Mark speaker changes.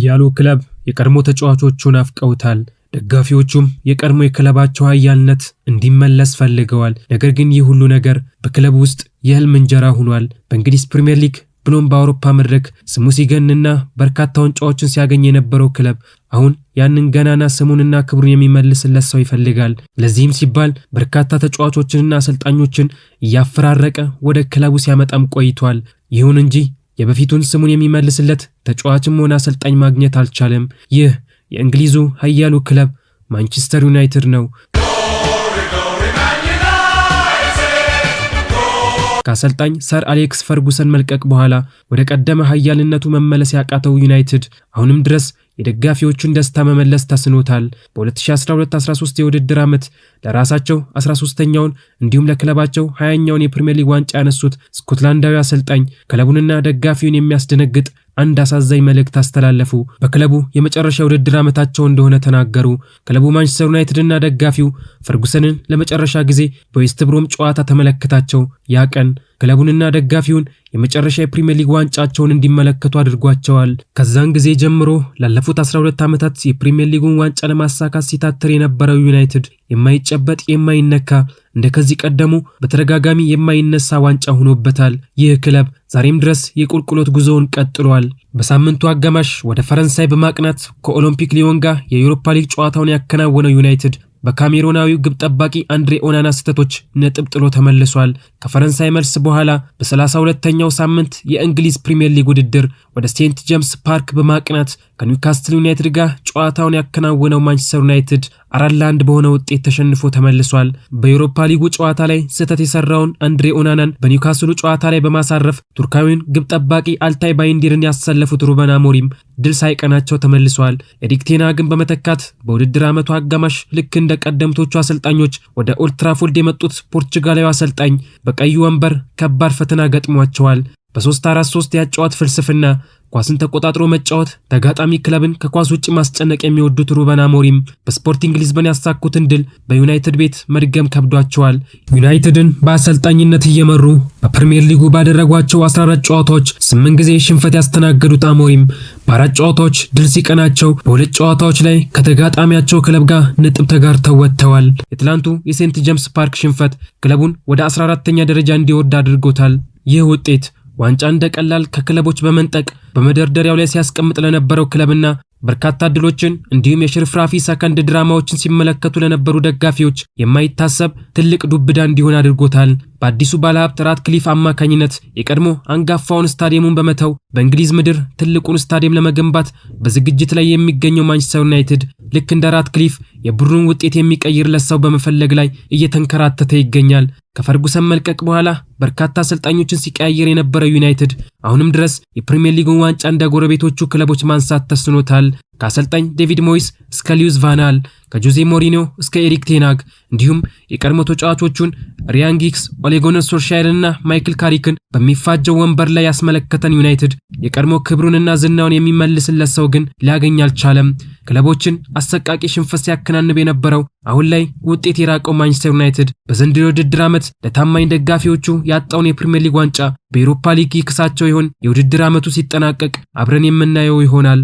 Speaker 1: ኃያሉ ክለብ የቀድሞ ተጫዋቾቹን አፍቀውታል። ደጋፊዎቹም የቀድሞ የክለባቸው ኃያልነት እንዲመለስ ፈልገዋል። ነገር ግን ይህ ሁሉ ነገር በክለብ ውስጥ የህልም እንጀራ ሆኗል። በእንግሊዝ ፕሪምየር ሊግ ብሎም በአውሮፓ መድረክ ስሙ ሲገንና በርካታ ዋንጫዎችን ሲያገኝ የነበረው ክለብ አሁን ያንን ገናና ስሙንና ክብሩን የሚመልስለት ሰው ይፈልጋል። ለዚህም ሲባል በርካታ ተጫዋቾችንና አሰልጣኞችን እያፈራረቀ ወደ ክለቡ ሲያመጣም ቆይቷል። ይሁን እንጂ የበፊቱን ስሙን የሚመልስለት ተጫዋችም ሆነ አሰልጣኝ ማግኘት አልቻለም። ይህ የእንግሊዙ ኃያሉ ክለብ ማንቸስተር ዩናይትድ ነው። ከአሰልጣኝ ሰር አሌክስ ፈርጉሰን መልቀቅ በኋላ ወደ ቀደመ ኃያልነቱ መመለስ ያቃተው ዩናይትድ አሁንም ድረስ የደጋፊዎቹን ደስታ መመለስ ተስኖታል። በ2012/13 የውድድር ዓመት ለራሳቸው 13ኛውን እንዲሁም ለክለባቸው 20ኛውን የፕሪምየር ሊግ ዋንጫ ያነሱት ስኮትላንዳዊ አሰልጣኝ ክለቡንና ደጋፊውን የሚያስደነግጥ አንድ አሳዛኝ መልእክት አስተላለፉ። በክለቡ የመጨረሻ ውድድር ዓመታቸው እንደሆነ ተናገሩ። ክለቡ ማንቸስተር ዩናይትድና ደጋፊው ፈርጉሰንን ለመጨረሻ ጊዜ በዌስትብሮም ጨዋታ ተመለከታቸው። ያ ቀን ክለቡንና ደጋፊውን የመጨረሻ የፕሪምየር ሊግ ዋንጫቸውን እንዲመለከቱ አድርጓቸዋል። ከዛን ጊዜ ጀምሮ ላለፉት 12 ዓመታት የፕሪምየር ሊጉን ዋንጫ ለማሳካት ሲታትር የነበረው ዩናይትድ የማይጨበጥ የማይነካ እንደ ከዚህ ቀደሙ በተደጋጋሚ የማይነሳ ዋንጫ ሆኖበታል። ይህ ክለብ ዛሬም ድረስ የቁልቁሎት ጉዞውን ቀጥሏል። በሳምንቱ አጋማሽ ወደ ፈረንሳይ በማቅናት ከኦሎምፒክ ሊዮን ጋር የዩሮፓ ሊግ ጨዋታውን ያከናወነው ዩናይትድ በካሜሮናዊው ግብ ጠባቂ አንድሬ ኦናና ስህተቶች ነጥብ ጥሎ ተመልሷል። ከፈረንሳይ መልስ በኋላ በ32ኛው ሳምንት የእንግሊዝ ፕሪምየር ሊግ ውድድር ወደ ሴንት ጄምስ ፓርክ በማቅናት ከኒውካስትል ዩናይትድ ጋር ጨዋታውን ያከናወነው ማንቸስተር ዩናይትድ አራት ለአንድ በሆነ ውጤት ተሸንፎ ተመልሷል። በዩሮፓ ሊጉ ጨዋታ ላይ ስህተት የሰራውን አንድሬ ኦናናን በኒውካስሉ ጨዋታ ላይ በማሳረፍ ቱርካዊውን ግብ ጠባቂ አልታይ ባይንዲርን ያሰለፉት ሩበን አሞሪም ድል ሳይቀናቸው ተመልሰዋል። ኤሪክ ቴን ሃግን በመተካት በውድድር ዓመቱ አጋማሽ ልክ እንደ ቀደምቶቹ አሰልጣኞች ወደ ኦልትራፎልድ የመጡት ፖርቹጋላዊ አሰልጣኝ በቀዩ ወንበር ከባድ ፈተና ገጥሟቸዋል። በ343 የአጨዋወት ፍልስፍና ኳስን ተቆጣጥሮ መጫወት፣ ተጋጣሚ ክለብን ከኳስ ውጭ ማስጨነቅ የሚወዱት ሩበን አሞሪም በስፖርቲንግ ሊዝበን ያሳኩትን ድል በዩናይትድ ቤት መድገም ከብዷቸዋል።
Speaker 2: ዩናይትድን በአሰልጣኝነት እየመሩ በፕሪምየር ሊጉ ባደረጓቸው 14 ጨዋታዎች 8 ጊዜ ሽንፈት ያስተናገዱት አሞሪም በአራት ጨዋታዎች ድል ሲቀናቸው፣ በሁለት ጨዋታዎች ላይ ከተጋጣሚያቸው ክለብ ጋር ነጥብ ተጋርተው ወጥተዋል። የትላንቱ የሴንት ጄምስ ፓርክ ሽንፈት ክለቡን ወደ 14 ተኛ ደረጃ እንዲወርድ አድርጎታል። ይህ ውጤት ዋንጫ እንደ ቀላል ከክለቦች በመንጠቅ በመደርደሪያው ላይ ሲያስቀምጥ ለነበረው ክለብና በርካታ ድሎችን እንዲሁም የሽርፍራፊ ሰከንድ ድራማዎችን ሲመለከቱ ለነበሩ ደጋፊዎች የማይታሰብ ትልቅ ዱብዳ እንዲሆን አድርጎታል። በአዲሱ ባለሀብት ራትክሊፍ አማካኝነት የቀድሞ አንጋፋውን ስታዲየሙን በመተው በእንግሊዝ ምድር ትልቁን ስታዲየም ለመገንባት በዝግጅት ላይ የሚገኘው ማንቸስተር ዩናይትድ ልክ እንደ ራትክሊፍ የቡድኑን ውጤት የሚቀይርለት ሰው በመፈለግ ላይ እየተንከራተተ ይገኛል። ከፈርጉሰን መልቀቅ በኋላ በርካታ አሰልጣኞችን ሲቀያየር የነበረው ዩናይትድ አሁንም ድረስ የፕሪምየር ሊጉን ዋንጫ እንደ ጎረቤቶቹ ክለቦች ማንሳት ተስኖታል። ከአሰልጣኝ ዴቪድ ሞይስ እስከ ሊዩዝ ቫናል፣ ከጆዜ ሞሪኒዮ እስከ ኤሪክ ቴናግ እንዲሁም የቀድሞ ተጫዋቾቹን ሪያን ጊክስ፣ ኦሌጎነር ሶርሻየርንና ማይክል ካሪክን በሚፋጀው ወንበር ላይ ያስመለከተን ዩናይትድ የቀድሞ ክብሩንና ዝናውን የሚመልስለት ሰው ግን ሊያገኝ አልቻለም። ክለቦችን አሰቃቂ ሽንፈት ሲያከናንብ የነበረው አሁን ላይ ውጤት የራቀው ማንቸስተር ዩናይትድ በዘንድሮ ውድድር ዓመት ለታማኝ ደጋፊዎቹ ያጣውን የፕሪምየር ሊግ ዋንጫ በኤሮፓ ሊግ ይክሳቸው ይሆን? የውድድር ዓመቱ ሲጠናቀቅ አብረን የምናየው ይሆናል።